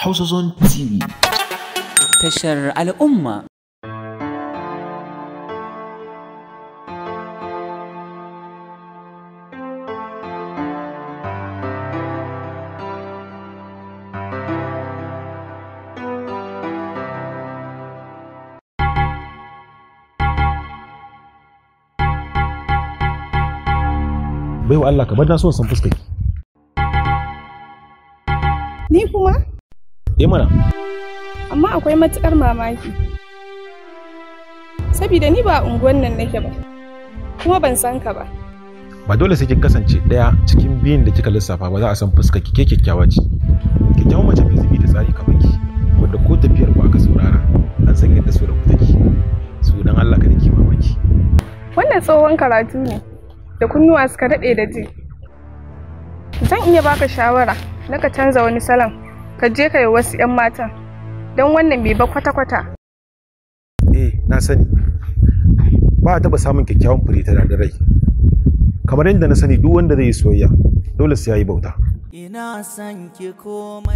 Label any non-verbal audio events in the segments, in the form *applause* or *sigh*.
حصص تي في تشر الأمة بيو قال لك بدنا نسوي صنفسكي ليه eh mana amma akwai matukar mamaki saboda ni ba unguwan nan nake ba kuma ban san ka ba ba dole sai kin kasance ɗaya cikin biyun da kika lissafa ba za a san fuska kike ke kyakkyawa ce kyau mace mai zubi da tsari kamar ki wanda ko tafiyar ku aka saurara an san yadda su da ku take su dan Allah ka dake mamaki wannan tsohon karatu ne da kunnuwa suka daɗe da ji zan iya baka shawara na ka canza wani salon ka je ka yi wasu 'yan matan don wannan bai ba kwata-kwata eh na sani ba a taɓa samun kyakkyawan fure ta da rai kamar yadda na sani duk wanda zai yi soyayya dole sai ya yi bauta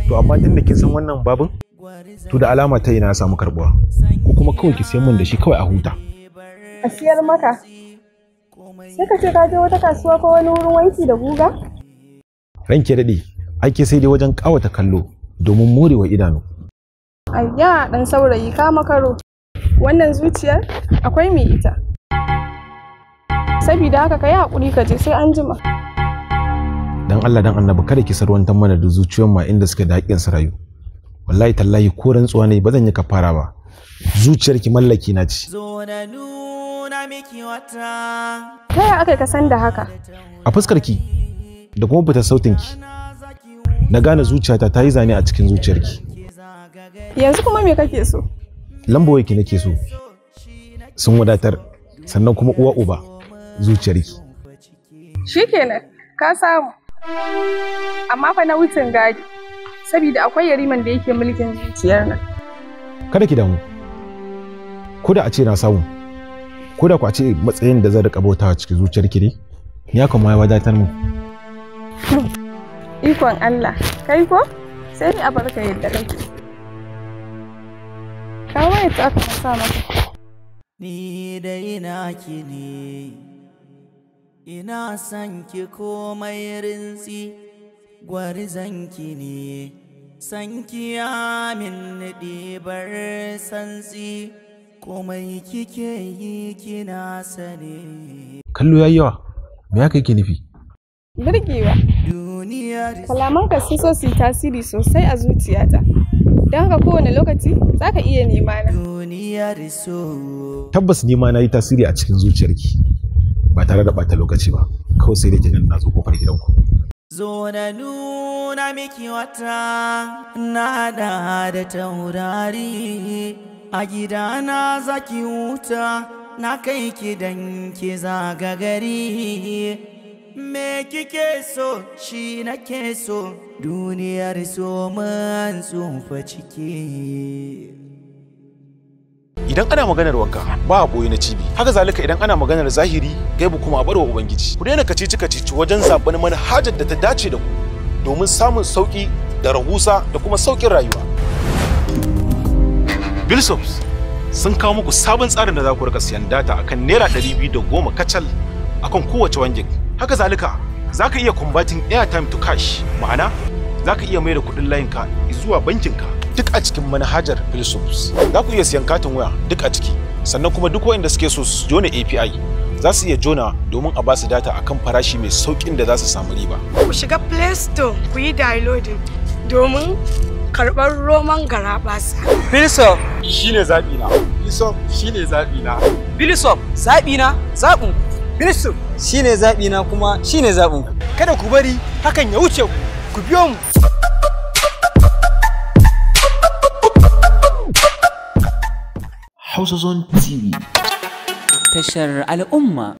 to amma tun da kin san wannan babin to da alama ta ina samu karbuwa ko kuma kawai ki siyan min da shi kawai a huta a siyar maka sai ka ce ka je wata kasuwa ko wani wurin wanki da guga ranke daɗi ake sai dai wajen ƙawata kallo domin morewa idanu. Ayya ɗan saurayi ka makaro, wannan zuciyar akwai mai ita. Sabida haka ka yi haƙuri ka je sai an jima. Dan Allah dan annabi kada ki sarwantar mana da zuciyar ma inda suke da haƙƙin su rayu. Wallahi tallahi ko rantsuwa ne ba zan yi kafara ba. Zuciyar ki mallaki na ce. Ta yaya aka ka san da haka? A fuskar ki da kuma fitar sautin ki. na gane zuciyata ta yi zane a cikin zuciyarki yanzu kuma me kake so lambawai nake so sun wadatar sannan kuma uwa uba zuciyarki Shi kenan, ka samu amma fa na wucin gadi saboda akwai yariman da yake mulkin zuciyar nan kada ki damu ko da a ce na samu ko da ku a ce matsayin da zan rika bautawa cikin zuciyarki ne ya kuma ya wadatar mu *laughs* ikon Allah kai ko sai ni a barka yadda kake Kawai waye ta aka sa maka ni da ina ki ne ina san ki komai gwari zan ki ne san ki ya min ɗibar santsi komai kike yi kina sane kallo yayyawa, me haka yake nufi birgewa kalamanka sun so su yi tasiri sosai a zuciyata don haka kowane lokaci za ka iya nema na tabbas nema na yi tasiri a cikin zuciyarki ba tare da ɓata lokaci ba kawai sai da nan na zo kofar gidanku zo na nuna miki wata na da da taurari a gidana zaki wuta na kai ki danke zagagari. zaga gari me kike so shi nake so duniyar so man tsufa ciki idan ana maganar wanka ba a boye na cibi haka zalika idan ana maganar zahiri gaibu kuma a barwa ubangiji ku daina kacici kacici wajen mana manhajar da ta dace da ku domin samun sauƙi da rahusa da kuma sauƙin rayuwa bilsops sun kawo muku sabon tsarin da za ku rika siyan data akan naira ɗari biyu da goma kacal akan kowace wangin haka zalika za ka iya combating airtime to cash ma'ana za ka iya maida kudin layinka zuwa bankinka duk a cikin manhajar philosophs za ku iya siyan katin waya duk a ciki sannan kuma duk waɗanda suke so su jona api za su iya jona domin a basu data akan farashi mai saukin da za su samu riba ku shiga play store ku yi downloading domin karɓar roman gara basa. Bilisop shine na Bilisop shine zaɓina. zaɓi na zaɓin Bilisu shine zaɓi na kuma shi ne ku. Kada ku bari hakan ya wuce ku. Ku biyo mu. Hausa Zone TV. Tashar al'umma.